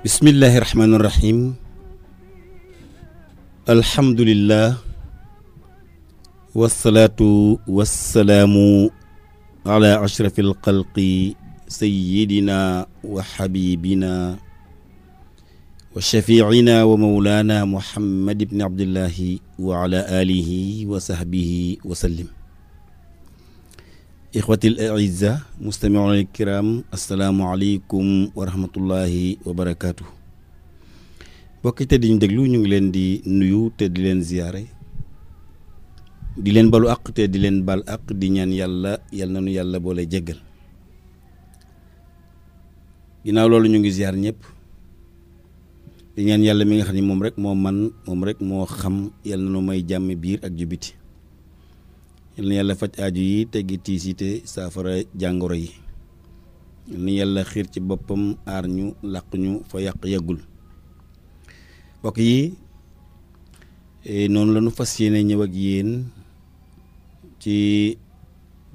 bismillahi rahmaani rahim alhamdulillah wasalaatu wasalaamu ala ashrafi alxalqi sayidina wa xabibina wa shafiina wa mawlaana muhammad ibni abdillahi wa ala alihi wa sahbihi wa sallim ixwati al aiza mustamiuna al kiram asalaamualeykum wa rahmatullahi wa di ñu déglu ñu ngi leen di nuyu te di leen ziyaare di leen balu àq te di leen bal àq di ñaan yàlla yal na nu yàlla boole jéggal ginnaaw loolu ñu ngi ziyaar ñépp di ñaan yàlla mi nga xam ni moom rek moo man moom rek moo xam yal na nu may jàmm biir ak jubiti yal na yàlla faj aaju yi teggi tiisite saafara jàngoro yi yal na yàlla xiir ci boppam aar ñu làq ñu fa yàq yàggul mbokk yi e, noonu la fas yéene ñëw ak yéen ci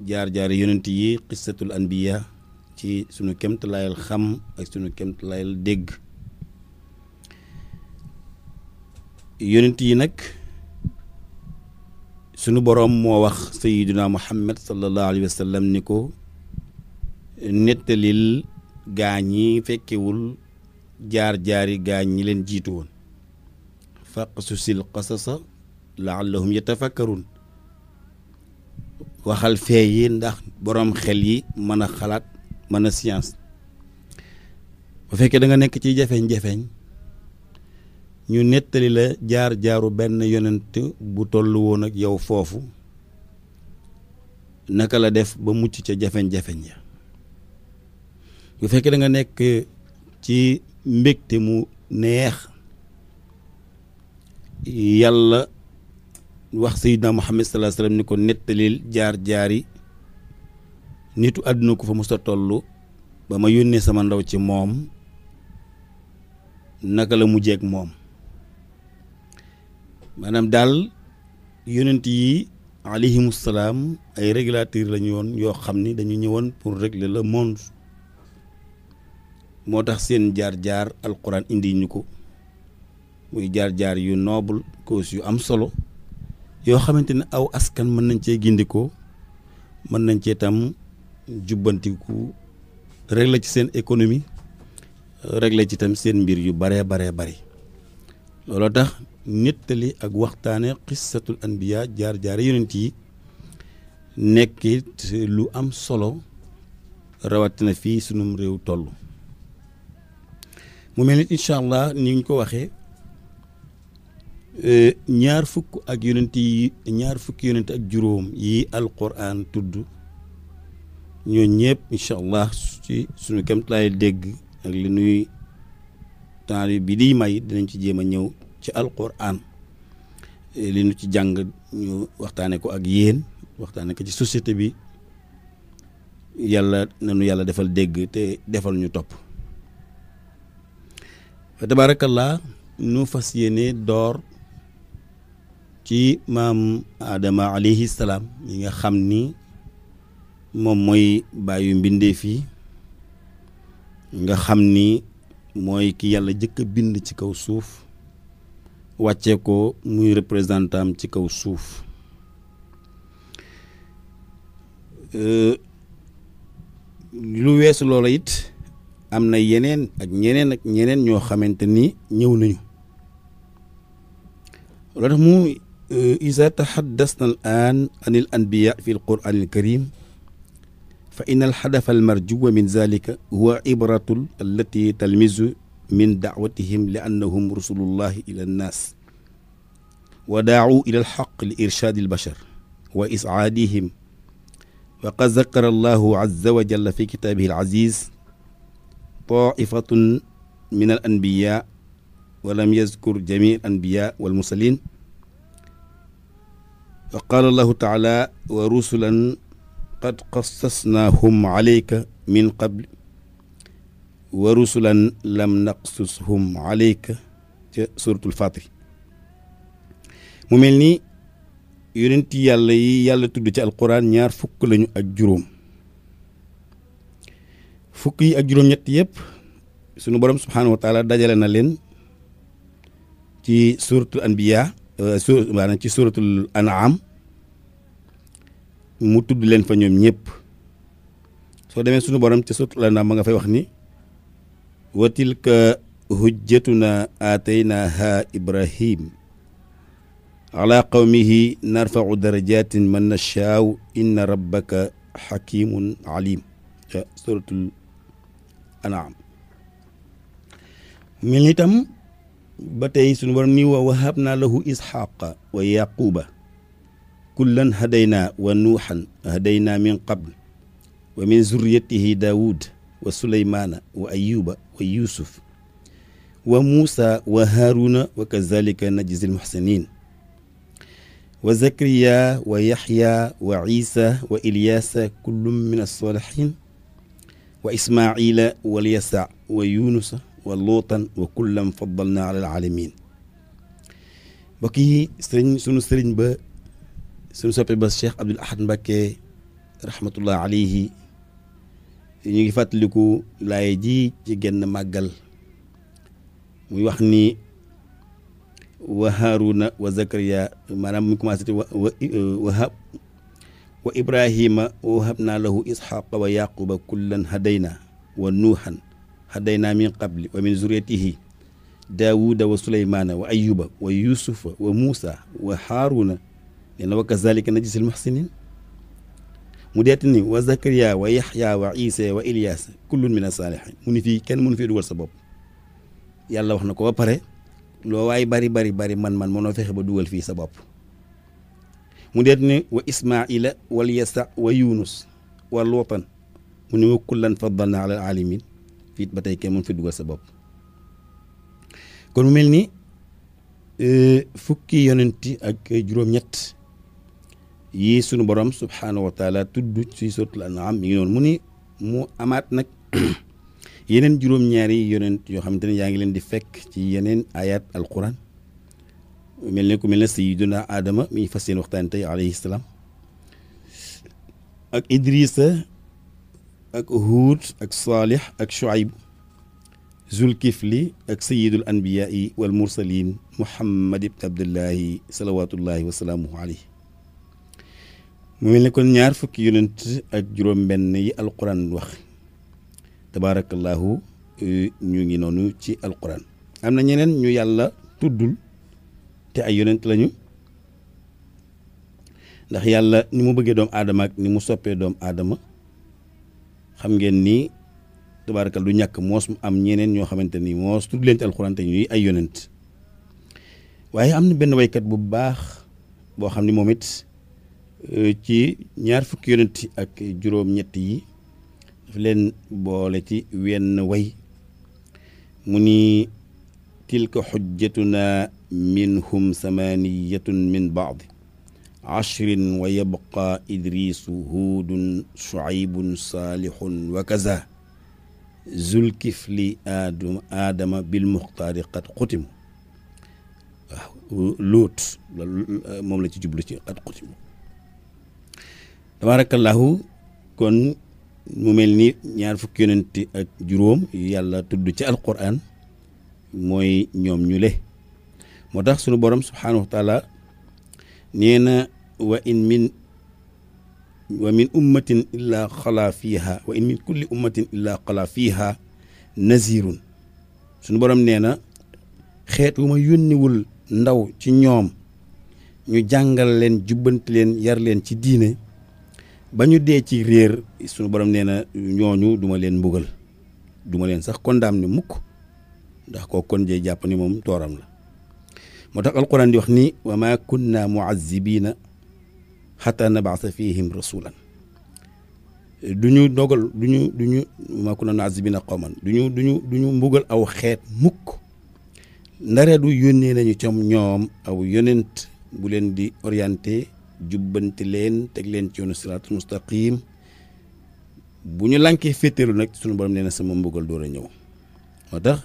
jaar-jaar yonent yi qissatul anbiya ci sunu kemtalaayal xam ak sunu kemtalaayal dégg yonent yi nag sunu boroom moo wax sayiduna muhammad sallallahu alayhi wa sallam ni ko nettalil gaa ñi fekkewul jaar-jaari gaa ñi leen jiitu woon faqsusil qasasa laallahum yatafakkarun waxal fee yi ndax boroom xel yi mën a xalaat mën a science bu fekkee danga nekk ci jafeñ-jafeñ ñu nettali la jaar jaaru benn yonent bu toll woon ak yow foofu naka la def ba mucc ca jafeñ-jafeñ ya bu fekkee danga nekk ci mbégte mu neex yàlla wax sayyidna muhammad sallallahu alayhi wasallam ni ko nettalil jaar-jaari nitu àdduna ko fa mos a tollu ba ma yónnee sama ndaw ci moom naka la mujjeek moom maanaam daal yonent yi alayhimu salaam ay régulateurs la yoon yoo xam ni dañu ñëwoon pour régler la monde moo tax seen jaar-jaar alquran indi ñu ko muy jaar-jaar yu noble cos yu am solo yoo xamante ni aw askan mën nañ cee gindikoo mën nañ cee tam jubbantiku régler ci seen économie régler ci tam seen mbir yu baree baree bari looloo tax nettali ak waxtaane xissatul anbiya jaar jaare yonent yi nekkit lu am solo rawatina fii sunum réew toll mu mel nit incha allah ni ñu ko waxee ñaar fukk ak yonent ñaar fukki yonent ak juróom yi alquran tudd ñoo ñëpp incha allah ci suñu kéemtalaay dégg ak li nuy temps bi di may dinañ ci jéem a ñëw ci alquran li nu ci jàng ñu waxtaane ko ak yéen waxtaane ko ci société bi yàlla nanu yàlla defal dégg te defal ñu topp fa tabaarakallaa nu fas yéene door ci maam Adama alayhi salaam yi nga xam ni moom mooy bàyyu mbindeef fii nga xam ni mooy ki yàlla jëkk a bind ci kaw suuf wàccee ko muy représentant ci kaw suuf euh, lu weesu loola it am na yeneen ak ñeneen ñeneen ñoo xamante ni ñëw nañu loolu tax mu euh, isa taxaddasna al an an il anbiya fi l quran al karim fa in alxadafa almarjuwa min zalika huwa ibratul allati talmisu min daawatihim li annahum rusulullahi ila wa daacu ila alxaq li irshaadi albashar wa iscaadihim wa qad zakara allahu azza wa jalla fi kitaabihi alaziz taifatun min al anbiya wa lam yazkur jamic al anbiya walmursalin wa qaala allahu taala wa rusulan qad qassasnaahum alayka min qabl wa rusulan lam naqsushum alayka ca suratul fatir mu mel ni yonent yàlla yi yàlla tudd ci alquran ñaar fukk lañu ak juróom fukk yi ak juróom-ñett yëpp sunu borom subhaanahu wa dajale na leen ci suratul anbiya euh, su maanaam ci suratul an'am mu tudd leen fa ñoom ñëpp soo demee sunu borom ci suratul an'am ma nga fay wax ni wa tilka hujjatuna aataynaha ibrahim ala qawmihi narfau darajatin man nachaaw inna rabbaka xakimun alim ca suratul anaam mel ni tam ba tey sunu borom ni wa wahab naa lahu isxaqa wa yaquba kullan hadaynaa wa nuuxan hadaynaa min qabl wa min zurriyatihi daawud wa suleymaana wa ayuba wa yuusuf wa muusa wa haaruna wa kazalika najzi almuxsinin wa zakariya wa yaxya wa isa wa ilyaasa kullum min alsalihin wa ismaila walyasa wa yunusa wa luutan wa kullam faddalna ala alaalamin mbokk yi sëriñ sunu sëriñ ba sunu soppe ba cheikh abdul ahad mbakke rahmatullah alayhi ñu ngi fàttaliku laay ji ci genn màggal muy wax ni wa haruna wa zakariya maanaam mu commencé te wa wa euh, wa ibrahima wa habna lahu ishaqa wa yaquba kullan hadayna wa nuuhan hadayna min qabli wa min zuriyatihi daawuda wa suleymana wa ayuba wa yusufa wa muusa wa haaruna nee na wa kazalika najzil muhsinin mu deet ni wa zakariya wa yaxya wa isa wa ilyas kullun min as saalihin mu ni fii kenn mënu fii dugal sa bopp yàlla wax na ko pare loo waaye bari bari bari man-man mënoo fexe ba dugal fii sa bopp mu deet ni wa ismaila wal yasa wa yunus wa lootan mu ne wa kullan faddalna tey kenn mën fi dugal sa bopp kon mu mel ni e, fukki yonenti ak juróom-ñett yii sunu borom subhaanahu wa taala tudd ci suratul an'am mi ngi noonu mu ni mu amaat nag yeneen juróom-ñaari yonent yoo xam te ne yaa ngi leen di fekk ci yeneen ayat alquran mel ne ku mel ne sayyiduna Adama mi fas yéen waxtaan tey alayhi salaam ak Idrissa ak Huud ak Saalix ak Shuayb zulkifli ak sayidul anbiyaa'i wal mursalin Muhammad ibn Abdullahi salawaatullahi wa salaamuhu mu mel ne kon ñaar fukki yonent ak juróom-benn yi alquran wax. tabaarakallaahu e, ñu ngi noonu ci alquran am na ñeneen ñu yàlla tuddul te ay yonent lañu ndax yàlla ni mu bëggee doomu aadama ak ni mu soppee doomu aadama xam ngeen ni tabaarakal du ñàkk moos am ñeneen ñoo xamante ni moos tudd leen te ñuy ay yonent waaye am na benn waykat bu baax boo xam ni moom it e, ci ñaar fukki yonent ak juróom-ñett yi. daf leen boole ci wenn way mu ni tilka xujjatuna minhum samaniyatun min baadi ashrin wa yabqa idrisu huudun shuaybun saalihun wa kaza zulkifli aadama aadama bil muxtaari qad xutimu waaw luut moom la ci jublu ci qad xutimu tabarakallahu kon mu mel ni ñaar fukki yonenti ak juróom yàlla tudd ci alquran mooy ñoom ñu le moo tax sunu borom subhaanahu wa nee na wa in min wa min ummatin illaa xalaa fiiha wa in min kulli ummatin illaa xalaa fiiha nazirun sunu borom nee na xeet wu ma yónniwul ndaw ci ñoom ñu jàngal leen jubbanti leen yar leen ci diine ba ñu dee ci réer suñu borom nee na ñooñu duma leen mbugal duma leen sax kon daam ni mukk ndax koo kon jee jàpp ni moom tooram la moo tax alquran di wax ni wa ma kunna muazibina xata nabaasa fihim rasulan du ñu dogal du ñu du ñu ma kunna muazibina qawman du ñu du ñu du ñu mbugal aw xeet mukk ndareedu yónnee nañu coom ñoom aw yonent bu leen di orienté jubbanti leen teg leen ci yoonu siraatul mustaqim bu ñu lànkee féeteelu nag sunu borom nee na sama mbugal door a ñëw moo tax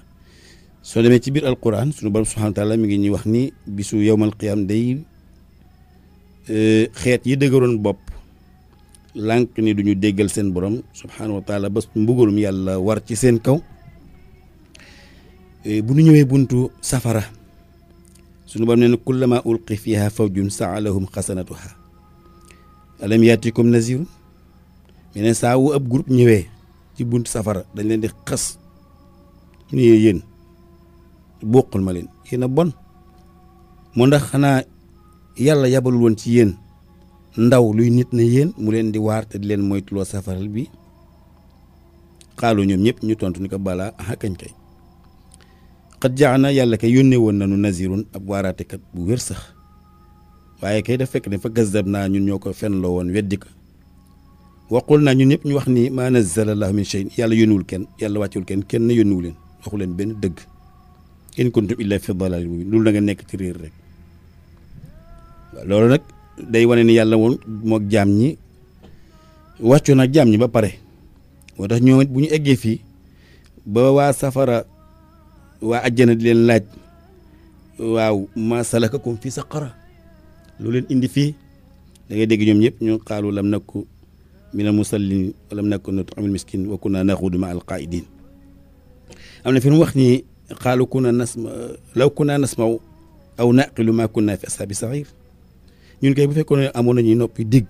soo demee ci biir alquran sunu borom subhaanahu wa taala mi ngi ñuy wax ni bisu yowmal qiyaam day e, xeet yi dëgëroon bopp lànk ni duñu déggal seen borom subhaanahu wa ba mbugalum yàlla war ci seen kaw e, bu ñu ñëwee buntu safara suñu borom nee na kullama ulqi fiha fawjun saalahum xasanatuha alam yaatikum nazirun me ne saa wu ab group ñëwee ci bunt safara dañ leen di xas ñu ne yéen bokkul ma leen yéen bon moo ndax xanaa yàlla yabalul woon ci yéen ndaw luy nit na yéen mu leen di waar te di leen moytuloo safaral bi xaaloo ñoom ñëpp ñu tontu ni ko balaa ah kañ kay xat jaa na yàlla kay yónnee woon nañu nazirun ab waaraatekat bu wér sax waaye kay daf fekk ne fa gazab naa ñun ñoo ko fen loo woon weddi ko waxul naa ñun ñëpp ñu wax ni ma nazzala llaahu min shay'in yàlla yónniwul kenn yàlla wàcciwul kenn kenn yónniwu leen waxu leen benn dëgg in kuntum illa fi dalaalin mubiin loolu nekk ci réer rek nag day wane ni yàlla woon moog jaam ñi wàccu nag jaam ñi ba pare moo tax ñoom bu ñu eggee fii ba waa safara waa ajjana di leen laaj waaw ma salakakum fi saqara lu leen indi fii da dégg ñoom ñëpp ñu qaalu lam nakku mina musallin wa lam nakku nut'imul miskin wa kunna naxudu ma alqaidin na fi mu wax ni qaalu kunna nasma law kunna nasmaw aw naqilu ma kunna fi ashabi saxiir ñun kay bu fekkoon ne amoon nañu noppi dégg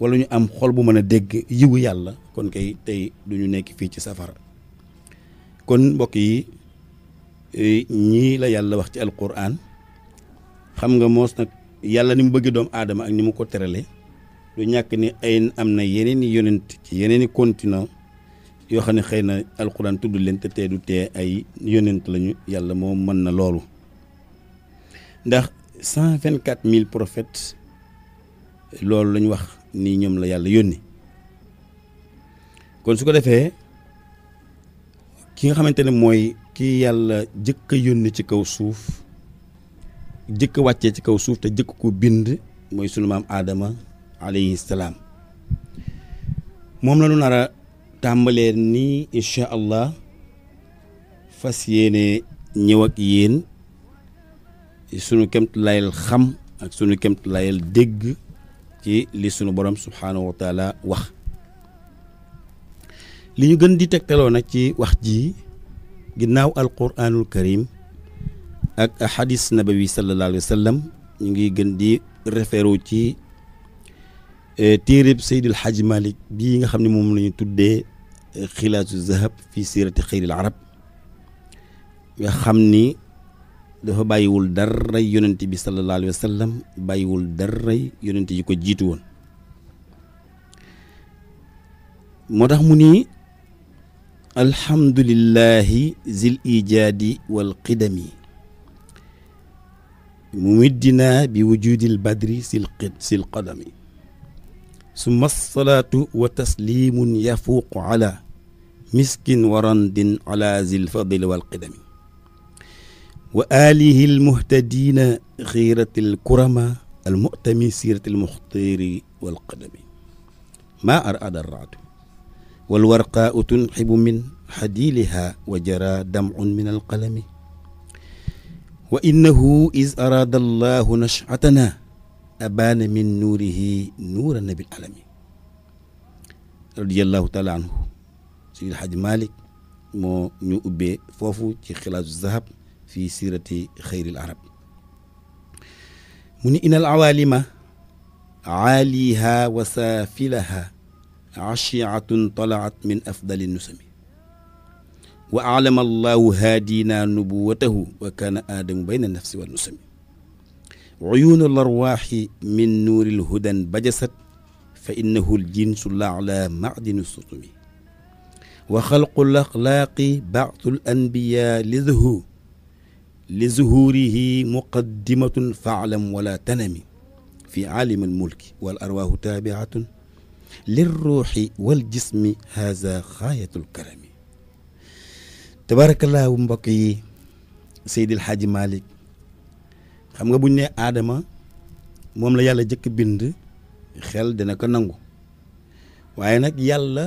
wala ñu am xol bu mën a dégg yiwu yàlla kon kay tey du ñu nekk fii ci safara kon mbokk ñii la yàlla wax ci alquran xam nga moos nag yàlla ni mu bëgg doomu aadama ak ni mu ko terale lu ñàkk ni ay am na yeneen i yonent ci yeneen i continent yoo xam ne xëy na alquran tudd leen te tee du tee ay yonent lañu yàlla moom mën na loolu ndax cent vingt quatre mille prophètes loolu lañu wax nii ñoom la yàlla yónni kon su ko defee ki nga xamante ne mooy kii yàlla jëkk a yónni ci kaw suuf jëkk wàccee ci kaw suuf te jëkk ko bind mooy sunu maam aadama alayhi moom la ñu nar a tàmbalee nii incha allah fas yéene ñëw ak yéen sunu kemt layel xam ak sunu kemt layel dégg ci li sunu borom subhaanahu wa wax li ñu gën di tegtaloo nag ci wax ji ginnaaw alquranul karim ak hadis nabawi sallallahu alayhi sallam ñu ngi gën di référo ci eh, téereb Seydil Hadj Malick bii nga xam ne moom la ñu tuddee eh, xilaasu zahab fi sirati xayril arab nga xam ni dafa bàyyiwul daray yonent bi sallallahu alayhi wa sallam bàyyiwul daray yonent yi ko jiitu woon moo tax mu nii alhamdulillahi zil ijaadi wal qidami mumiddina bi wujudil badri sil qid sil qadami summa salaatu wa taslimun yafuuqu ala miskin wa randin ala zil fadli wal qidami wa alihi almuhtadina xiirati alkurama almutami siirati almuxtiri wal qadami maa ar ada raatu wal warqaau tunxibu min xadiiliha wa jara damcun min alqalami wa innahu is araada allahu nashcatana abaana min nuurihi nuura nabil alami radiallahu taala anhu Seydi Xaj Malik moo ñu ubbee foofu ci xilaatu zahab fi siirati xayril arab mu ni inal awaalima aaliha wa saafilaha achiatun talaat min afdali nusami wa alama allahu haadina nubuwatahu wa kaana aadamu bayna nafsi wa nusami uyuuna al arwaaxi min nuuril hudan bajasat fa innahu l jinsu laala maadinu sutumi wa xalqu l axlaaqi baatul anbiya li zuhu li zuhurihi muqaddimatun faalam wala tanami fi aalimi al mulki wal arwaaxu taabiatun lirruuxi wal jismi haza xaayatul karami tabaarakallaahu mbokk yi Seydil Hadji Malick xam nga buñ ne aadama moom la yàlla jëkk bind xel dina ko nangu waaye nag yàlla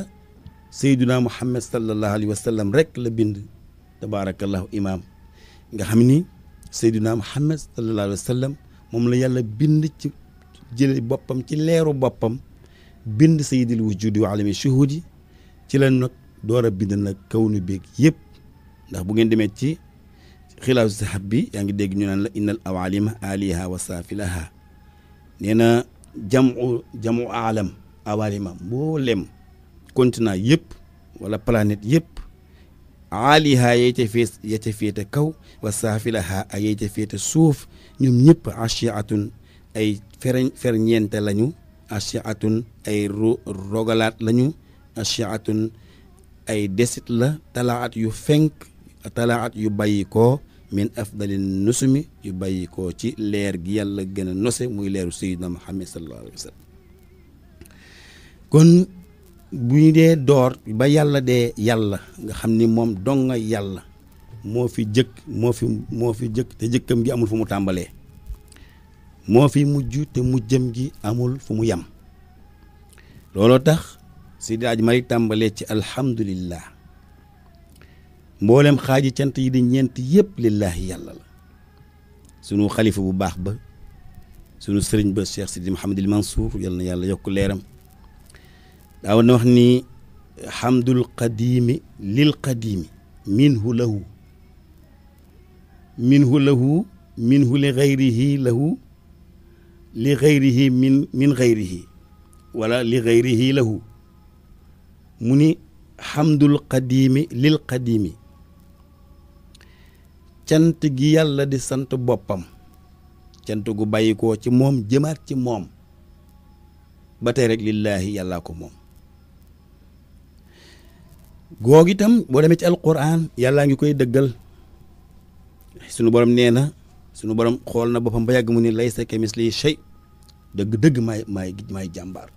Seydina Muhammad sallallahu alayhi wa rek la bind tabaarakallaahu imaam nga xam ni Seydina Muhammad sallallahu alayhi wa moom la yàlla bind ci jële boppam ci leeru boppam bind sayyidil wujudi wa alami shuhudi ci la nag door a bind nag kaw nu beeg yëpp ndax bu ngeen demee ci xilaasu sahab bi yaa ngi dégg ñu naan la innal awalima aliha wa saafilaha nee na jamu jamu alam awalima mboolem continent yëpp wala planète yëpp aaliha yey ca fees yey ca féete kaw wa saafilaha a yey ca suuf ñoom ñëpp achiatun ay fer ferñeente lañu ashiatun ay rogalaat lañu ashiatun ay desit la talaat yu fenk talaat yu bàyyi ko min afdali nusumi yu bàyyi ci leer gi yàlla gën a nose muy leeru sayyidina Muhammad sallallahu alayhi wa sallam kon bu dee door ba yàlla dee yàlla nga xam ni moom dong yàlla moo fi jëkk moo fi moo fi jëkk te jëkkam gi amul fu mu tàmbalee moo fi mujj te mujjam gi amul fu mu yem looloo tax si daaj mari tàmbalee ci alhamdulillah mboolem xaaji cant yi di ñeent yëpp lillaahi yàlla la sunu xalifa bu baax ba sunu sëriñ ba cheikh li mahamadil mansour yàlla na yàlla yokk leeram daaw na wax ni xamdul qadimi lil qadimi minhu lahu minhu lahu minhu li gayrihi lahu li xayrihi min min xayrihi wala li xayrihi lahu mu ni xamdul qadiimi lil qadiimi cant gi yàlla di sant boppam cant gu bàyyi koo ci moom jëmaat ci moom ba tey rek lillaahi yàllaa ko moom googu itam boo demee ci alquran yàllaa ngi koy dëggal sunu borom nee na sunu borom xool na boppam ba yàgg mu ni lay laysa kamislihi shay dëgg dëgg maay maay maay jàmbaar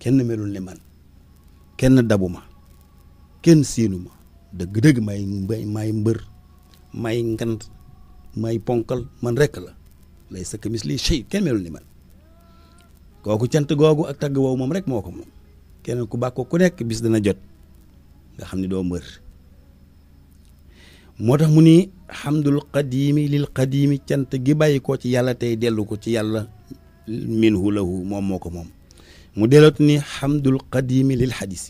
kenn melul ne man kenn dabu ma kenn séenu ma dëgg dëgg may mbër may ngant may ponkal man rekk la laysa kamislihi shay kenn melul ne man kooku cant googu ak tagg woowu moom rek moo ko moom kenn ku bàkkoo ku nekk bis dana jot nga xam ne doo mbër moo tax mu ni xamdul qadiimi lil qadiimi cant gi bàyyi ko ci yàlla tey dellu ko ci yàlla minhu lahu moom moo ko moom mu delloot ni xamdul qadiimi lil xadis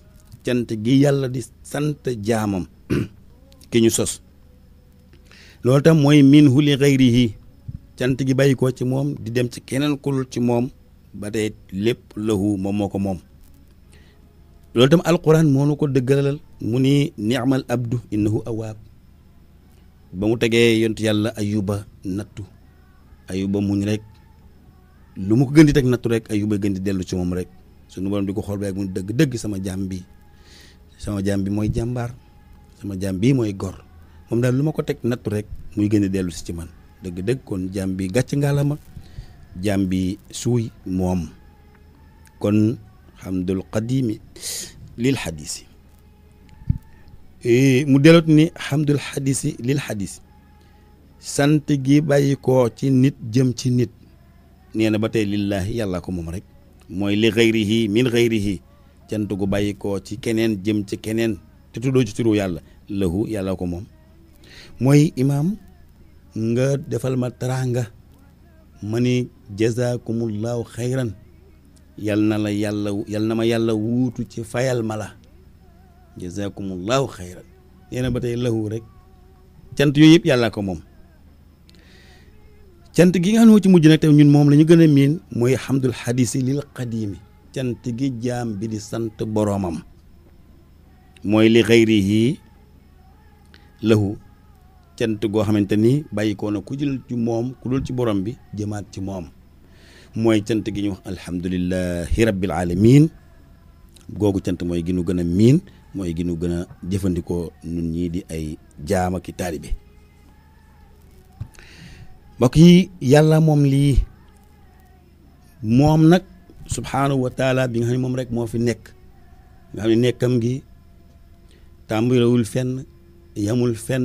cant gi yàlla di sant jaamam ki ñu sos loolu tam mooy minhu li gayrihi cant gi bàyyi ko ci moom di dem ci keneen kulul ci moom ba tey lépp lahu moom moo ko moom loolu tam alquran moo nu ko dëggalal mu ni ni'mal abdu innahu awaab ba mu tegee yont yàlla ayuba nattu ayuba muñ rek lu mu ko gën di teg nattu rek ayuba gën di dellu ci moom rek sunu borom di ko xool ba mu dëgg dëgg sama jaam bi sama jaam bi mooy jàmbaar sama jaam bi mooy gor moom daal lu ma ko teg nattu rek muy gën di dellu si ci man dëgg dëgg kon jaam bi gàcc ngaalama jaam bi suuy moom kon xamdul qadimi lil xadiisi Eh, mu delloot ni hamdul xadisi lil xadis sant gi bàyyi ko ci nit jëm ci nit nee na ba tey lillaahi yàlla ko moom rek mooy li xayrihi min xayrihi cant gu bàyyi ko ci keneen jëm ci keneen te tuddoo ci turu yàlla lahu yàlla ko moom mooy imaam nga defal ma taraanga ma ni jazakumullahu xayran yal na la yàlla yal na ma yàlla wuutu ci fayal ma la jazakumullahu xayran nee na ba tey lahu rek cant yooyu yëpp yàllaa ko moom cant gi nga xam ne moo ci mujj nag tamit ñun moom la ñu gën a miin mooy hamdul xadisi lil qadimi cant gi jaam bi di sant boroomam mooy li xayrihi lahu cant goo xamante ni bàyyi na ku jël ci moom ku dul ci borom bi jëmaat ci moom mooy cant gi ñu wax alhamdulillahi rabbil alamin googu cant mooy gi nu gën a miin mooy gi nu gën a jëfandikoo nun ñii di ay jaam ak i taalibe mbokk yi yàlla moom lii moom nag subhaanahu wa bi nga xam ne moom rek moo fi nekk nga xam ne nekkam gi tàmburewul fenn yamul fenn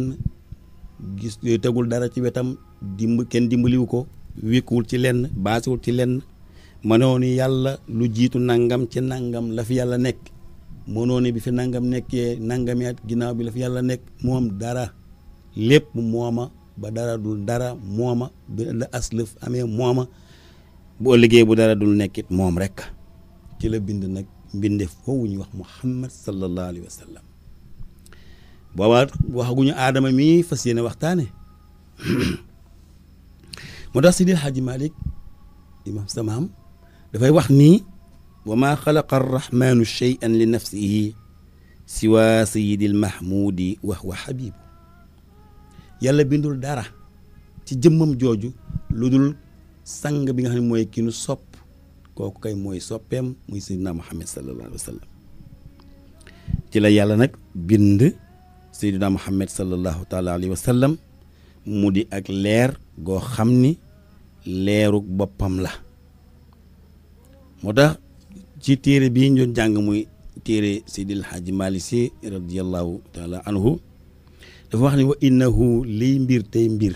gis tegul dara ci wetam dimb kenn dimbaliwu ko wékkuwul ci lenn baasiwul ci lenn mënoon yàlla lu jiitu nangam ci nangam la fi yàlla nekk mënoo bi fi nangam nekkee nangami at ginnaaw bi la fi yàlla nekk moom dara lépp mooma ba dara dul dara mooma bi la aslëf amee mooma boo liggéey bu dara dul nekkit moom rek ci la bind nag mbindeef foofu ñu wax muhammad sallallahu alayhi wa sallam waxaguñu aadama mii fa yéene waxtaane moo tax Sidi Hadji Malick imam samaam dafay wax nii wa maa xalaqa arrahmaanu cheyan li nafsihi siwa sayidil mahmuudi wa huwa xabibu yàlla bindul dara ci jëmmam jooju lu dul sang bi nga xam ne mooy ki nu sopp kooku kay mooy soppeem muy seydina muhammad sallallahu alayhi wa sallam la yàlla nag bind seydina muhammad sallallahu taala alayhi mu di ak leer goo xam ni leerug boppam la moo tax ci téere bii ñu jàng muy téere Seydil Hadji Malick Sy radiyallahu taala anhu dafa wax ni wa innahu liy mbir tey mbir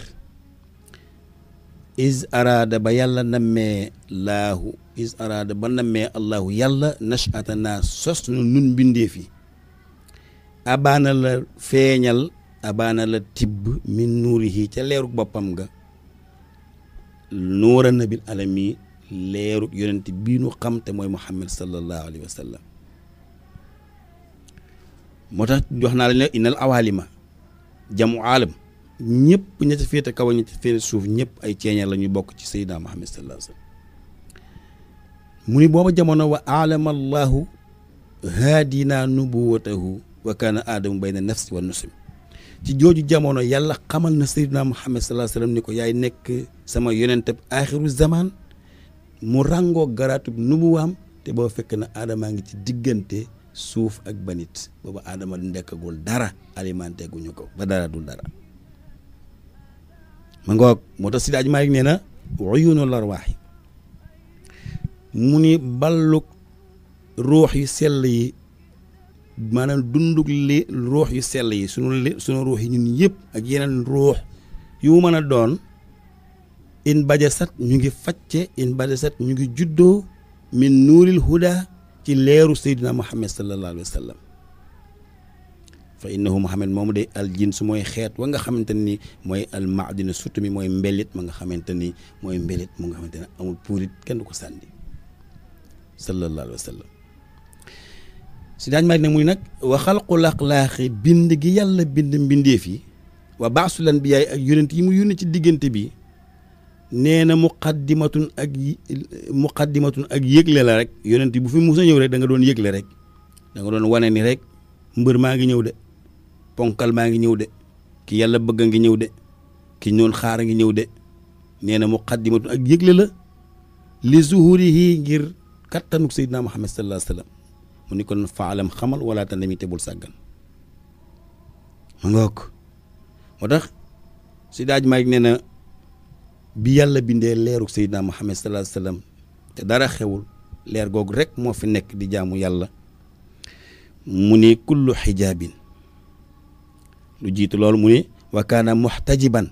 is araada ba yàlla nammee laahu is araada ba nammee allahu yàlla nashaatana sos nu nun mbindeef yi abaana la feeñal abaana la tibb min nuurihi ca leeru boppam ga nuura nabil alami leeru yonent bii nu xam te mooy muhammad sallallahu alayhi wa moo tax wax naa la ne innal awaalima jamu aalam ñëpp ña ca kaw ña ca féete suuf ñëpp ay ceeñeer la bokk ci sayyidina muhammad sallallahu alayhi mu ni booba jamono wa aalama allahu haadina nubuwatahu wa kaana aadamu bayna nafsi wa nusum ci jooju jamono yàlla xamal na sayyidina muhammad sallallahu alayhi ni ko yaay nekk sama yonentab aaxiru zamaan mu ràngoo garaatub nubuwaam te boo fekk na aadamaa ngi ci diggante suuf ak banit booba aadama ndekkagul dara alimenté guñu ko ba dara dul dara ma ngoog moo tax sidaaj Maalik nee na uyunul arwaax mu ni balluk ruux yu sell yi maanaam dunduk li yu sell yi sunu li ruux yi ñun yëpp ak yeneen ruux yu mën a doon in bajasat ñu ngi facce in bajasat ñu ngi juddoo mi nuuril huda ci leeru seydina muhammad sallallahu alayhi wa sallam fa innahu muhammad moom day al jin su mooy xeet wa nga xamante ni mooy al maadina surtout mooy mbelit ma nga xamante ni mooy mbelit mu nga xamante ne amul puurit kenn du ko sànni sallallahu alayhi wa sallam si daañ maa ne muy nag wa xalqul axlaaqi bind gi yàlla bind mbindeef yi wa baasu lan bi yaay ak yonent yi mu yónni ci diggante bi nee na muqaddimatun ak muqaddimatun ak yëgle la rek yonent bu fi musa ñëw rek da nga doon yëgle rek da nga doon wane ni rek mbër maa ngi ñëw de ponkal maa ngi ñëw de ki yàlla bëgg a ngi ñëw de ki ñoon xaar a ngi ñëw de nee na muqaddimatun ak yëgle la li zuhurihi ngir kattanuk sayyidina Muhammad sallallahu alayhi wa mu ni kon faalam xamal wala tandami te bul sàggan ma ngoog moo tax si daaj maa ngi nee bi yàlla bindee leerug Seydina Muhammad sallallahu alayhi te dara xewul leer googu rekk moo fi nekk di jaamu yàlla mu ni kullu xijaabin lu jiit loolu mu ni wa kaana muxtajiban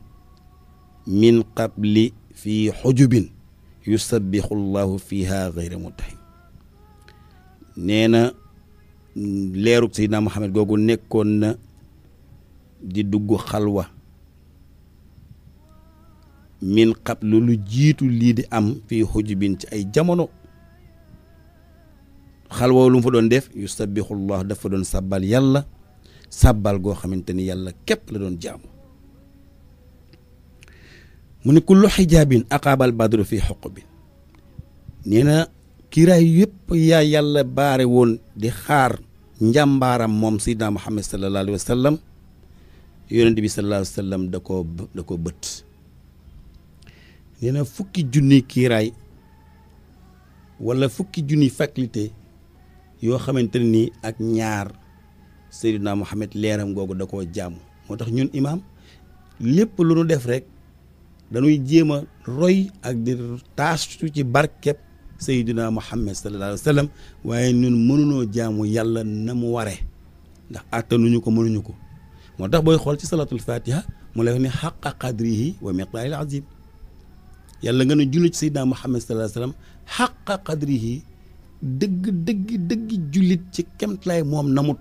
min qabli fi xujubin yusabbixu llahu fiha gayra mutahim nee na leerug Seydina Muhammad googu nekkoon na di dugg xalwa min qablu lu jiitu lii di am fii xujubin ci ay jamono xalwa lu mu fa doon def yusabbixullah dafa doon sabbal yàlla sabbal goo xamante ni yàlla képp la doon jaamu mu ne kullu xijaabin aqaabal badru fii xuqubin nee na kiiraay yëpp yàlla baare woon di xaar njàmbaaram moom sayyidina muhammad sallallahu alayhi wa sallam yonent bi sallallahu alayhi da koo bët nee na fukki junni kiiraay wala fukki junni faculté yoo xamante ne nii ak ñaar Seydina Muhammad leeram googu da koo jàmm moo tax ñun imaam lépp lu nu def rekk dañuy jéem a roy ak di taasu ci barkeb Seydina Muhammad sallallahu alayhi wa sallam waaye ñun mënunoo jaamu yàlla na mu ware ndax àttanuñu ko mënuñu ko moo tax booy xool ci salatul fatiha mu lay wax ne xaqa qadrihi wa miqdaaril azim yàlla nga ne jullit ci sayyidina Muhammad sallallahu alayhi wasallam xaqa qadrihi dëgg dëgg dëgg jullit ci kemtalaay moom na mu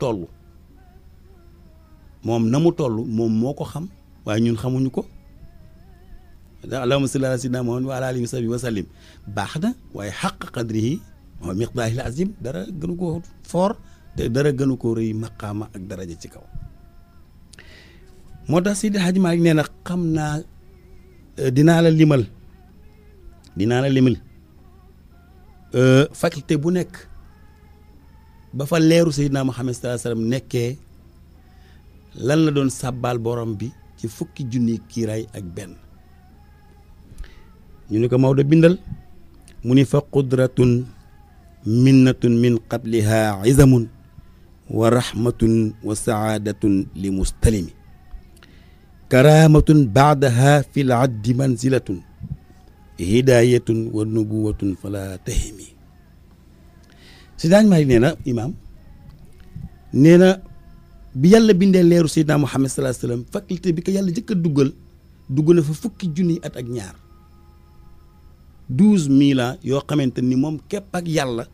moom na mu toll moom moo ko xam waaye ñun xamuñu ko la salli ala sayyidina Muhammad wa ala alihi wa sahbihi baax na waaye xaq qadrihi wa miqdaahil azim dara gënu ko foor te dara gënu ko rëy maqaama ak daraja ci kaw moo tax Seydi Hadji Malick nee na xam naa dinaa la limal dinaa la limal euh, faculté bu nekk ba fa leeru Seydina Muhammad sallallahu alayhi wasallam nekkee lan la doon sàbbaal borom bi ci fukki junni kiiraay ak benn ñu ni ko Maodo bindal mu ni fa qudratun minnatun min qabliha izamun wa rahmatun wa saadatun li mustalimi karaamatun baadaha fi l addi manzilatun hidaayatun wa nubuwatun fala tahimi Sidaañ Maalik nee na imaam nee na bi yàlla bindee leeru Seydina Muhammad sallallahu alayhi wasallam faculté bi ko yàlla jëkk a duggal dugg na fa fukki junni at ak ñaar douze mille yoo xamante ni moom képp ak yàlla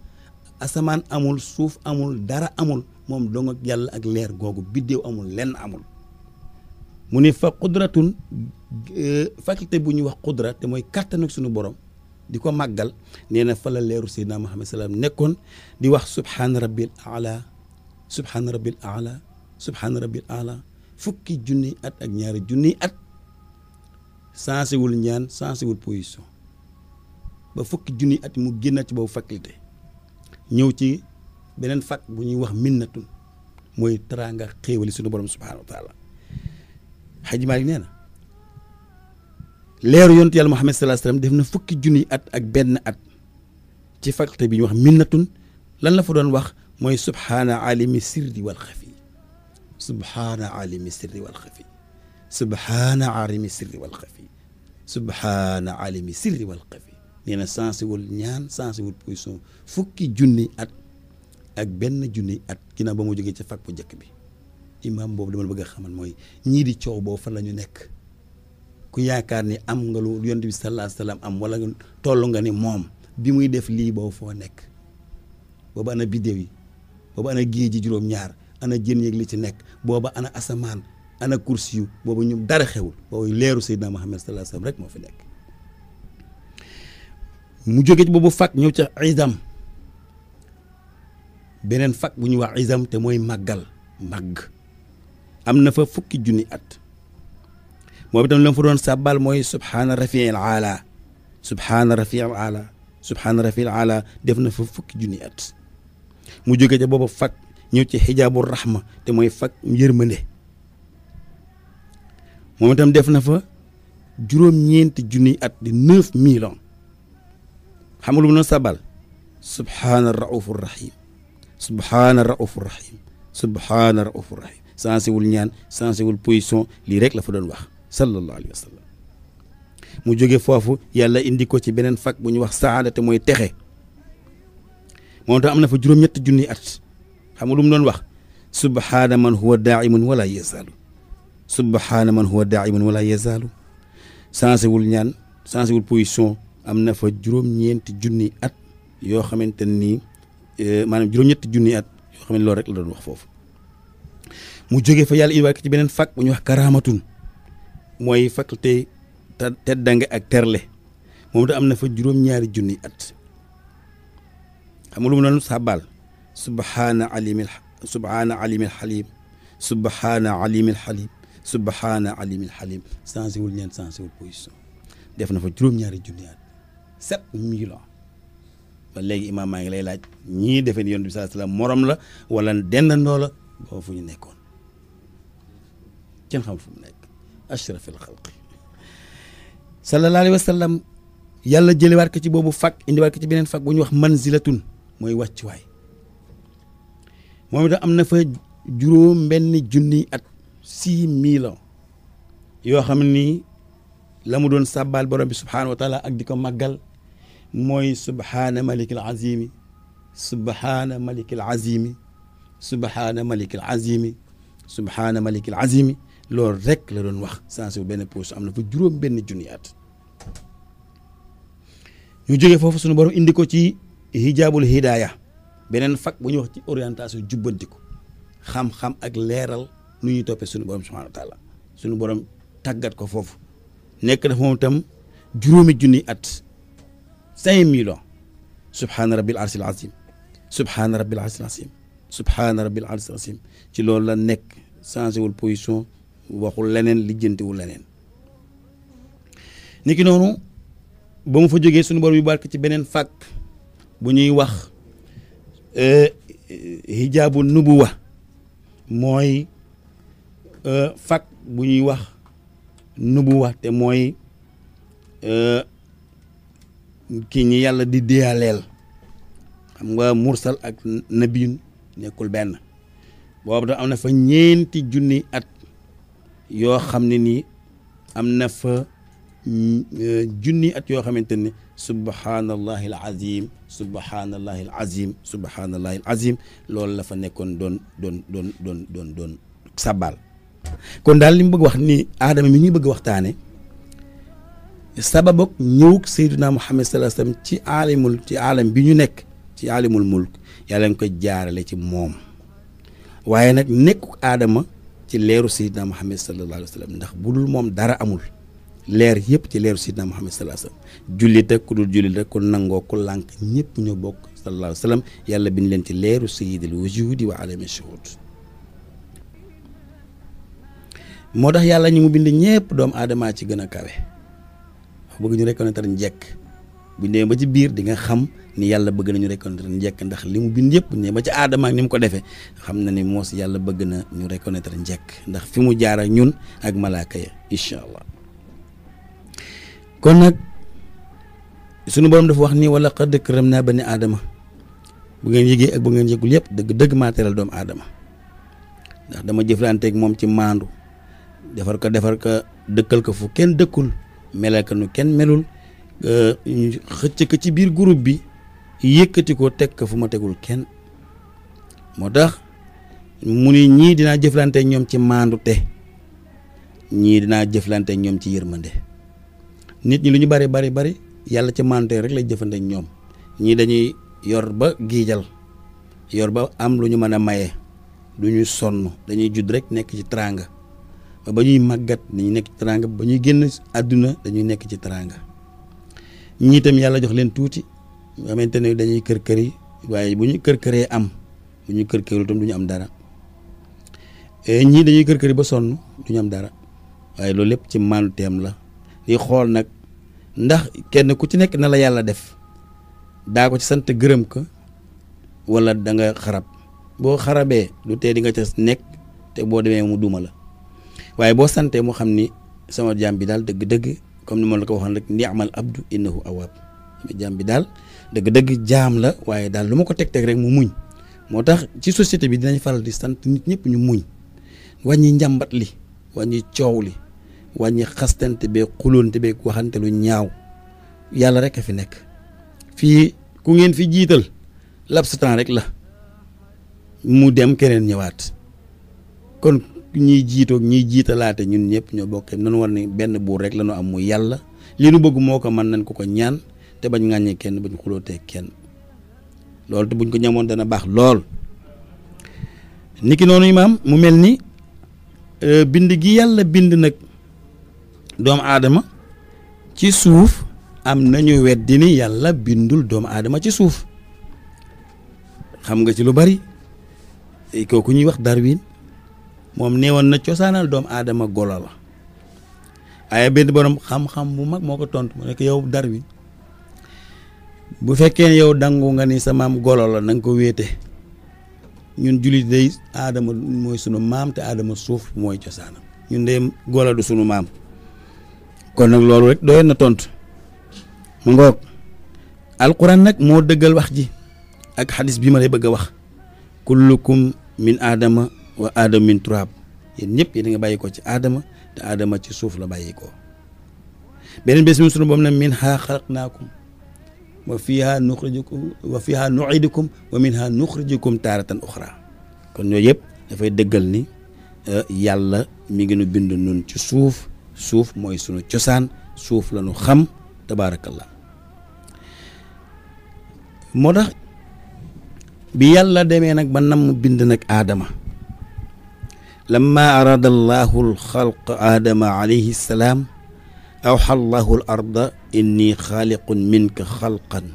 asamaan amul suuf amul dara amul moom dong yàlla ak leer googu biddéew amul lenn amul mu ne fa qudratun euh, faculté bu ñuy wax qudra te mooy kàttan ak suñu borom di ko màggal nee na fa la leeru Seydina Muhammad salaam nekkoon di wax subhaana rabbil ala subhaana rabbil ala subhaana rabbil ala fukki junni at ak ñaari junni at sansewul ñaan sansewul position ba fukki junni at mu génn ci boobu faculté ñëw ci beneen fac bu ñuy wax minnatun mooy teraanga xéewali sunu borom subhaana wa xaj Maalik nee na leeru yontu yàlla Muhammad sallallahu alayhi def na fukki junni at ak benn at ci faculté bi ñu wax minnatun lan la fa doon wax mooy subhaana alimi sirri wal xafi subhaana alimi sirri wal xafi subhaana alimi sirri wal xafi subhaana alimi sirri sensiwul ñaan sensiwul position fukki junni at ak benn junni at ginnaaw ba mu jógee ci fag bu njëkk bi imaam boobu dama la bëgg a xamal mooy ñii di coow boobu fan la ñu nekk ku yaakaar ni am nga lu yonent bi am wala toll nga ni moom bi muy def lii boobu foo nekk boobu ana biddéew yi boobu ana ana jën li ci nekk booba ana asamaan ana kursi boobu ñu dara xewul leeru Seydina Muhammad rek moo fi nekk mu jóge ci boobu fag ñëw ca isam beneen fag bu ñuy wax isam te mooy màggal màgg am na fa fukki junni at moom itam la mu fa doon sàbbal mooy subhaana rafiil ala subhaana rafiil ala subhaana rafiil ala def na fa fukki junni at mu jóge ca booba fag ñëw ci xijaabu raxma te mooy fag yërmande moom itam def na fa juróom-ñeenti junniy at di neuf mille ans xam nga lu mu doon sàbbal subhaana raufur rahim subhaana raufur rahim subhaana raufur rahim sensé wul ñaan sensé wul position lii rek la fa doon wax sallallahu alayhi wa mu jóge foofu yàlla indi ko ci beneen fag bu ñu wax saada te mooy texe moom tax am na fa juróom-ñetti junni at xam nga lu mu doon wax subhaana man huwa daaimun wala yazaalu subhaana man huwa daaimun wala yazaalu sensé wul ñaan sensé wul am na fa juróom junni at yoo xamante nii eh, maanaam juróom-ñetti junni at yoo xam ne loolu rek la doon wax foofu mu jóge fa yàlla indiwaat ci beneen fac bu ñuy wax karaamatun mooy faculté teddange ak terle moom da am na fa juróom-ñaari junni at xam nga lu mu doon sàbbaal subhaana alimil subhaana alimil xalim subhaana alimil xalim subhaana alimil xalim changé wul ñeen changé wul position def na fa juróom-ñaari junni at sept mille ba léegi imaam maa ngi lay laaj ñii defee ni yonent bi sallallahu alayhi wasallam morom la wala dendandoo la boo fu ñu nekkoon kenn xam fu mu nekk ashrafil xalqi sallallahu alayhi wa sallam yàlla jëliwaat ko ci boobu fag indiwaat ko ci beneen fag bu ñuy wax manzilatun mooy wàccuwaay moom itam am na fa juróom benn junniy at six mille ans yoo xam ni la mu doon sàbbaal borom bi subhaanahu wa taala ak di ko màggal mooy subhaana malikil azimi subhaana malikil azimi subhaana malikil azimi subhaana malikil azimi loolu rekk la doon wax sensé bu benn poche am na fa juróom benn junni at ñu jóge foofu suñu borom indi ko ci hijabul hidaya beneen fag bu ñuy wax ci orientation jubbanti ko xam-xam ak leeral nu ñuy toppee suñu borom subhanahu wa taala suñu borom tàggat ko foofu nekk na moom itam juróomi junni at cinq mille ans subhaana rabbil arsil azim subhaana rabbil arsil azim subhaana rabbil arsil azim ci loolu la nekk changé wul position waxul leneen lijjantiwul leneen niki noonu ba mu fa jógee suñu borom yu barke ci beneen fàkk bu ñuy wax euh, hijaabu nubuwa mooy euh, fàkk bu ñuy wax nubuwa te mooy euh, kii ñu yàlla di déyaleel xam nga mursal ak nabiyun nekkul benn boobu da am na fa ñeenti junni at yoo xam ne nii am na fa euh, junni at yoo xamante ne subhanallahi al azim subhanallahi al azim subhanallahi al azim loolu la fa nekkoon doon doon doon doon doon doon sabal kon daal li bëgg wax ni aadama mi ñuy bëgg waxtaane sababok ñëwug sayduna muhammad sallallahu alayhi wasallam ci aalimul ci aalam bi ñu nekk ci aalimul mulk yàlla nga ko jaarale ci moom waaye nag nekkuk aadama ci leeru Seydina Muhammad sallallahu alayhi ndax bu dul moom dara amul leer yëpp ci leeru Seydina Muhammad sallallahu alayhi wa sallam jullit ak ku dul jullit rek ku nangoo ku lànk ñépp ñu bokk sallallahu alayhi wa sallam yàlla bind leen ci leeru sayyidil wujudi wa alami shuhud moo tax yàlla ñu mu bind ñëpp doomu aadamaa ci gën a kawe wax bëgg ñu reconnaître njëkk bu ñu ba ci biir di xam ni yàlla bëgg nañu reconnaître njekk ndax li mu bind yëpp ne ba ci aadama ak ni mu ko defee xam na ni moo si yàlla bëgg na ñu reconnaître njekk ndax fi mu jaar ak ñun ak malaaka ya incha allah kon nag suñu borom dafa wax ni wala qad karamna bani aadama bu ngeen yëgee ak bu ngeen yëgul yëpp dëgg dëgg maa teral doomu aadama ndax dama jëflanteeg moom ci maandu defar ko defar ko dëkkal ko fu kenn dëkkul melal ko nu kenn melul euh, xëcc ko ci biir groupe bi yëkkati ko teg ko fu ma tegul kenn moo tax mu ni ñii dinaa jëflante ñoom ci maandute ñii dinaa jëflante ñoom ci yërmande nit ñi lu ñu bari bari bari yàlla ci maandute rek lay jëfante ñoom ñii dañuy yor ba giijal yor ba am lu ñu mën a maye lu ñu sonn dañuy judd rek nekk ci teraanga ba ba ñuy màggat dañuy nekk ci teraanga ba ñuy génn àdduna dañuy nekk ci teraanga ñii tam yàlla jox leen tuuti nga xamante ne dañuy kër kër yi waaye bu ñu kër këree am bu ñu kër këru tam du am dara eh, ñii dañuy kër këri ba sonn du am dara waaye loolu lépp ci maanu la di xool nag ndax kenn ku ci nekk na la yàlla def daa ko ci sant gërëm ko wala danga xarab boo xarabee lu tee di nga ca nekk te boo demee mu duma la waaye boo santee mu xam ni sama jaam bi daal dëgg-dëgg comme ni ma la ko waxoon rek ni amal abdu innahu awab sama jaam bi daal dëgg-dëgg jaam la waaye daal lu ma ko teg-teg rek mu muñ moo tax ci société bi dinañ faral di sant nit ñëpp ñu muñ wàññi njàmbat li wàññi coow li wàññi xastante bee xuloonte bee waxante lu ñaaw yàlla rek a fi nekk fii ku ngeen fi jiital l'abstant rek la mu dem keneen ñëwaat kon ñiy jiitoog ñiy jiitalaate ñun ñëpp ñoo bokkee nanu war ni benn buur rek la am mu yàlla li nu bëgg moo ko mën nañ ko ko ñaan te bañ ŋàññee kenn bañ xulootee kenn loolu te buñ ko ñamoon dana baax lool niki noonu imaam mu mel ni e, bind gi yàlla bind nag doomu aadama ci suuf am nañu weddi ni yàlla bindul doomu aadama ci suuf xam nga ci lu bari e, kooku ñuy wax Darwin moom nee woon na cosaanal doomu aadama golo la ay benn borom xam-xam bu mag moo ko tontu moo nekk yow Darwin bu fekkee yow dangu nga ni sa maam golo la nanga nga ko wéete ñun jullit day aadama mooy sunu maam te aadama suuf mooy cosaanam ñun de golo du sunu maam kon nag loolu rek doo na tontu mu ngoog alquran nag moo dëggal wax ji ak xadis bi ma lay bëgg a wax kullukum min aadama wa aadama min turaab yéen ñëpp yéen nga bàyyi ko ci aadama te aadama ci suuf la bàyyi ko beneen bés mi sunu boom ne min xaa xalaq naakum wa fiha nuxrijukum wa fiha nuidukum wa minha nuxrijukum taaratan uxra kon ñooyu yëpp dafay dëggal ni eh, yàlla mi ngi nu bind nun ci suuf suuf mooy sunu cosaan suuf la nu xam tabaarakallah moo tax bi yàlla demee nag ba nam bind nag aadama lamma arada allahu alxalq aadama alayhi salaam awxa llahu l arda inni xaaliqun minka xalqan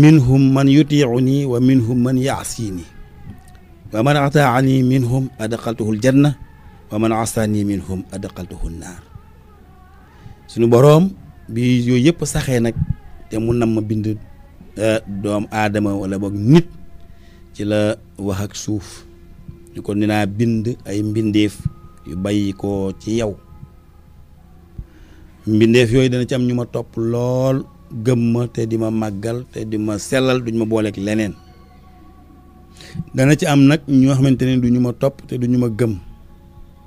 minhum man yutiicuni wa minhum man yaasini wa man ataacani minhum adxaltuhu ljanna wa man asaani minhum adxaltuhu naar suñu boroom bi yooyu yëpp saxee nag te mu nam ma bind e, doom aadama wala boog nit ci la wax ak suuf ñu ko dinaa bind ay mbindeef yu bàyyi ko ci yow mbindeef yooyu dana ci am ñu ma topp lool gëm ma te di ma màggal te di ma sellal duñ ma booleeg leneen dana ci am nag ñoo xamante ne du ñu ma topp te du ñu ma gëm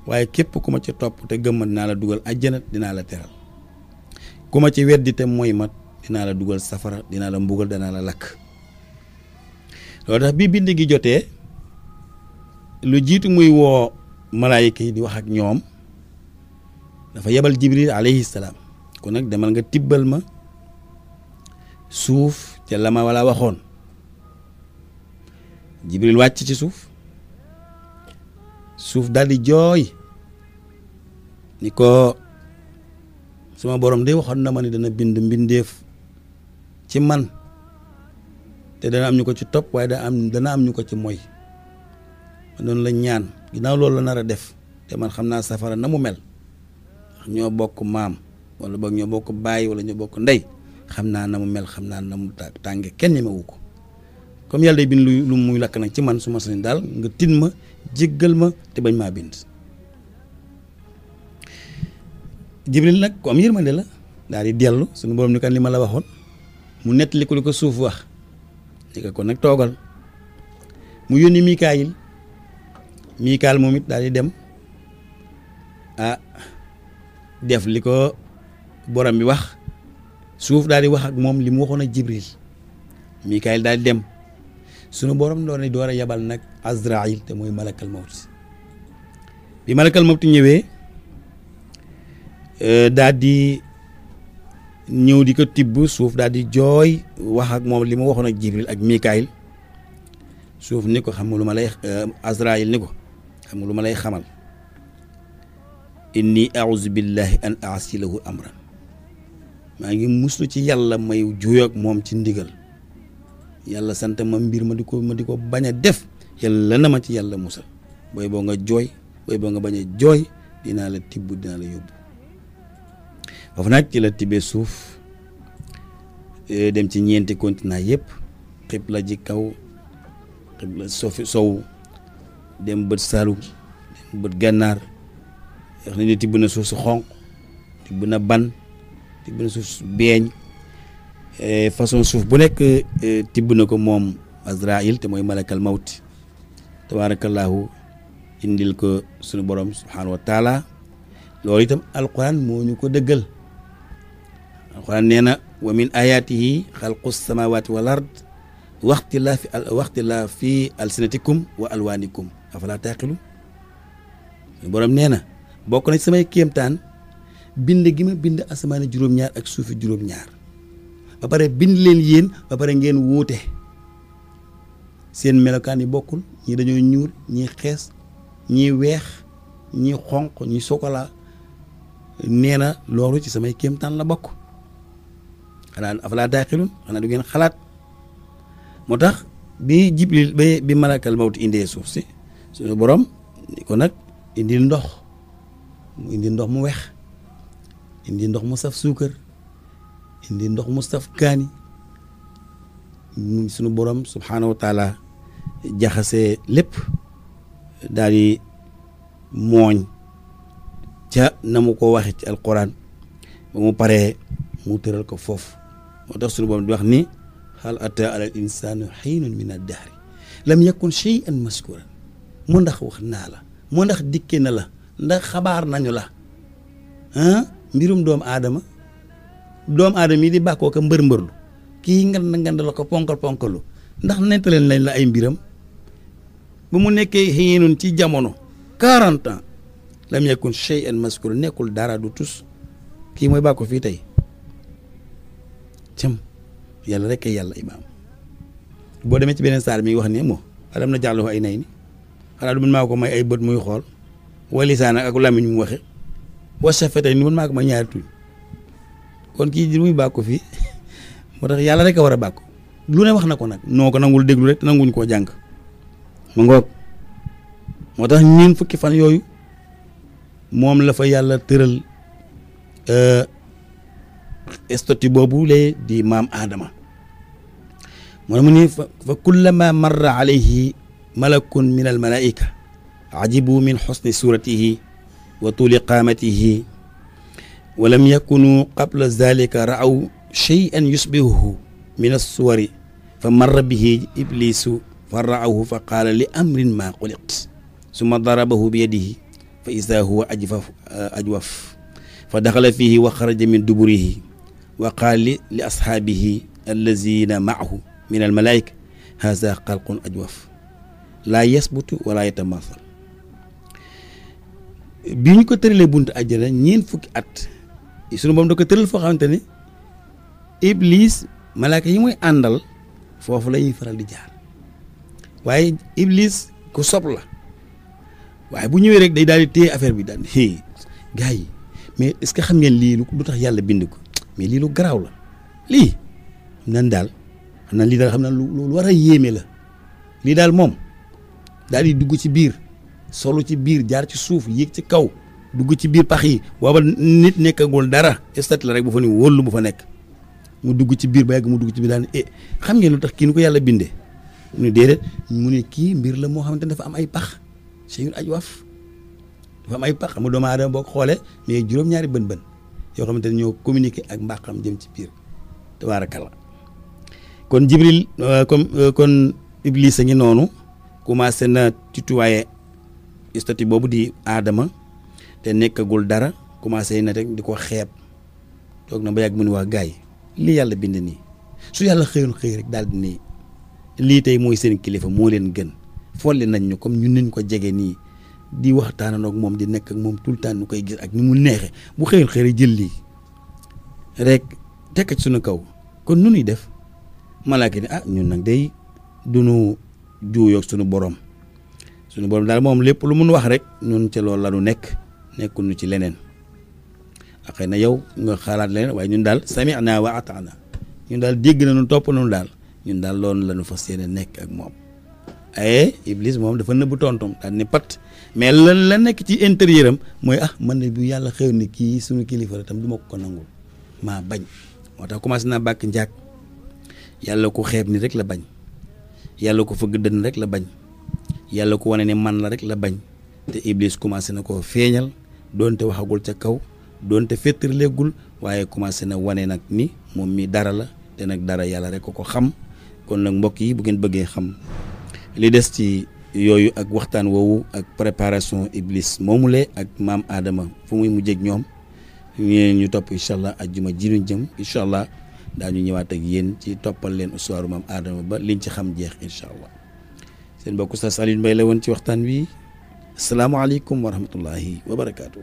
waaye képp ku ma ci topp te gëm ma dinaa la dugal àjjana dinaa la teral ku ma ci weddi te mooy ma dinaa la dugal safara dinaa la mbugal danaa la lakk loolu tax bi bind gi jotee lu jiitu muy woo malaayika yi di wax ak ñoom dafa yebal jibril alayhi salaam kon nag demal nga tibbal ma suuf ca la ma wala waxoon jibril wàcc ci suuf suuf daldi jooy ni ko suma boroom de waxoon na ma ne dana bind mbindeef ci man te dana am ñu ko ci topp waaye dana am am ñu ko ci moy ma doon la ñaan ginnaaw loolu la nar a def te man xam naa safara na mu mel ñoo bokk maam wala boog ñoo bokk bàyyi wala ñoo bokk ndey xam naa na mu mel xam naa na mu tànge kenn ñemewu ko comme yàlla day bind lu lu muy lakk nag ci man suma ma sañ daal nga tin ma jéggal ma te bañ maa bind jibril nag ku am yërmande la daal di dellu suñu borom ni kan li ma la waxoon mu nettali ko li ko suuf wax li ko kon nag toogal mu yónni Mikaayil Mikaayil moom it daal di dem ah, def li ko borom bi wax suuf daal di wax ak moom li mu waxoon ak Jibril Mikaayil daal di dem sunu borom doon door a yabal nag Azraïl te mooy malakal mawt bi malakal mawt ñëwee euh, daal di ñëw di ko tibb suuf daal di jooy wax ak moom li mu waxoon ak Jibril ak Mikaayil suuf ni ko xam nga lu ma lay euh, Azraïl ni ko xam nga lu ma lay xamal. inni auzu billahi an asilahu amra maa ngi muslu ci yàlla may juyoog moom ci ndigal yàlla sant ma mbir ma di ko ma di ko bañ a def yàlla na ma ci yàlla musal booy boo nga jooy booy boo nga bañ jooy dinaa la tibb dinaa la yóbbu foofu nag ci la tibbee suuf eh, dem ci ñeenti continent yëpp xibla ji kaw xibla sofi sow dem bët saalum dem bët gànnaar wax tibb na suuf su xonq tibb na ban tibb na suuf su beeñ e, façon suuf bu nekk e, tibb na ko moom Azraïl te mooy malakal mawti tabaarakallaahu indil ko sunu borom subhaanahu wa loolu itam alquran moo ñu ko dëggal alquran nee na wa min ayaatihi xalqu samawati wal ard waxtilaafi waxtilaafi alsinatikum wa alwaanikum afala taqilu sunu borom nee na bokk na ci samay kéemtaan bind gi ma bind asamaani juróom-ñaar ak suufi juróom-ñaar ba pare bind leen yéen ba pare ngeen wuute seen melokaan yi bokkul ñii dañoo ñuul ñi xees ñi weex ñi xonq ñii sokola nee na loolu ci samay kéemtaan la bokk xanaa afalaa daaqilun xanaa du ngeen xalaat moo tax bi jibril ba bi malakal mawt indee suuf si suñu borom ko nag indil ndox mu indi ndox mu weex indi ndox mu saf suukar indi ndox mu saf kaani sunu borom subhaanahu wa jaxase lépp daal di mooñ ca na mu ko waxe ci alquran ba mu paree mu tëral ko foofu moo tax suñu borom di wax ni xal ata alal insani xiinun min ad dahri lam yakun shay'an mashkuran mu ndax wax naa la mu ndax dikke na la ndax xabaar nañu la mbirum doomu aadama doomu aadama yi di bàkkoo ko mbër mbërlu kii ngand ngand la ko ponkal ponkalu ndax nettaleen lañ la ay mbiram ba mu nekkee xiinun ci jamono quarante ans lam yakun shay'an maskur nekkul dara du tus kii mooy bàkko fii tey cëm yàlla rek yàlla imaam boo demee ci beneen saar mi wax ne moo alam na jàllu ay nay ni xanaa du mun maa ko may ay bët muy xool wa lisaan ak làmmiñ mu waxe wasa fe tey ni man maa ma ñaari tuñ kon kii di muy bàkku fii moo tax yàlla rekk a war a bàkku lu ne wax na ko nag noo ko nangul déglu rek nanguñ koo jàng mu ngoog moo tax ñun fukki fan yooyu moom la fa yàlla tëral euh, stoti boobu lee di maam aadama moo ne mu ni fa kullama marra alayhi malakun min al ajibu min xusni suratihi wa tuuli qaamatihi wa lam yakunu qabla zalika raaw cheyan yusbihuhu min assuwari fa marra bihi iblisu fa raahu fa qaala li amrin ma xuliqt summa darabahu bi yadihi fa ida huwa ajwaf ajwaf fa daxala fihi wa xaraja min duburihi wa qaala li ashaabihi allazina maahu min almalaika haza xalqun ajwaf laa yasbutu wala yatamasal bii ñu ko bunt buntu àjjana ñeen fukki at sunu boom da ko tëral foo xamante ni iblis malaaka yi muy àndal foofu lañuy faral di jaar waaye ibliis ku sob la waaye bu ñëwee rek day daal di téye affaire bi daal di gars yi mais est-ce que xam ngeen lii lu tax yàlla bind ko mais lii lu garaaw la lii xam nan daal xam nan lii daal xam nan lu war a yéeme la lii daal moom daal di dugg ci biir. solu ci biir jaar ci suuf yéeg ci kaw dugg ci biir pax yi booba nit nekkagul dara stat la rek bu fa ni wóolu bu fa nekk mu dugg ci biir ba yàgg mu dugg ci biir daal e eh, xam ngeen lu tax kii nu ko yàlla bindee mu ne mu ne kii mbir la moo xamante ne dafa am ay pax seyul aj waaf dafa am ay pax mu doomu aadama boo ko xoolee mais juróom-ñaari bën-bën yoo xamante ne ñoo communiqué ak mbàqam jëm ci biir tabaarakalla kon jibril euh, comme euh, kon iblis a ngi noonu commencé na tutoyer statut boobu di aadama te nekkagul dara commencé na rek di ko xeeb toog na ba yàgg mu ne waa gaay yi lii yàlla bind nii su yàlla xëyoon xëy rek daal di nii lii tey mooy seen kilifa moo leen gën folli nañ ñu comme ñun nañ ko jege nii di waxtaan ak moom di nekk ak moom tout le nu koy gis ak ni mu neexee bu xëyoon xëy rek jël lii rek tekk ci suñu kaw kon nu ñuy def malaaka ni ah ñun nag day duñu juuyoog suñu borom suñu borom daal moom lépp lu mun wax rek ñun ci loolu la ñu nekk nekkuñu ci leneen ak ah, na yow nga xalaat leneen waaye ñun daal sami'na wa na ñun daal dégg nañu topp nañu daal ñun daal lool la fa fas yéene nekk ak moom. aye Iblis moom dafa nëbbu tontom daan ni pat mais lan la nekk ci intérieur am mooy ah mën na bu yàlla xew ni kii suñu kilifa la tam du ma ko nangul maa bañ moo tax commencé naa bàkk njaag yàlla ko xeeb ni rek la bañ yàlla ko fëgg rek la bañ. yàlla ko wane ne man la rek la bañ te Iblis commencé na koo feeñal doonte waxagul ca kaw doonte fettir léegul waaye commencé na wane nag ni moom mi dara la te nag dara yàlla rek ko ko xam kon nag mbokk yi bu ngeen bëggee xam li des ci yooyu ak waxtaan woowu ak préparation Iblis moomule ak maam aadama fu muy mujjee ak ñoom ñu ñu topp incha allah ajjuma ji ñu jëm incha allah ñu ñëwaat ak yéen ci toppal leen histoire maam Adama ba liñ ci xam jeex incha allah. seen mbokk Oustaz Alioune Mbaye la woon ci waxtaan wi asalaamaaleykum wa rahmatullahi wa barakaatu.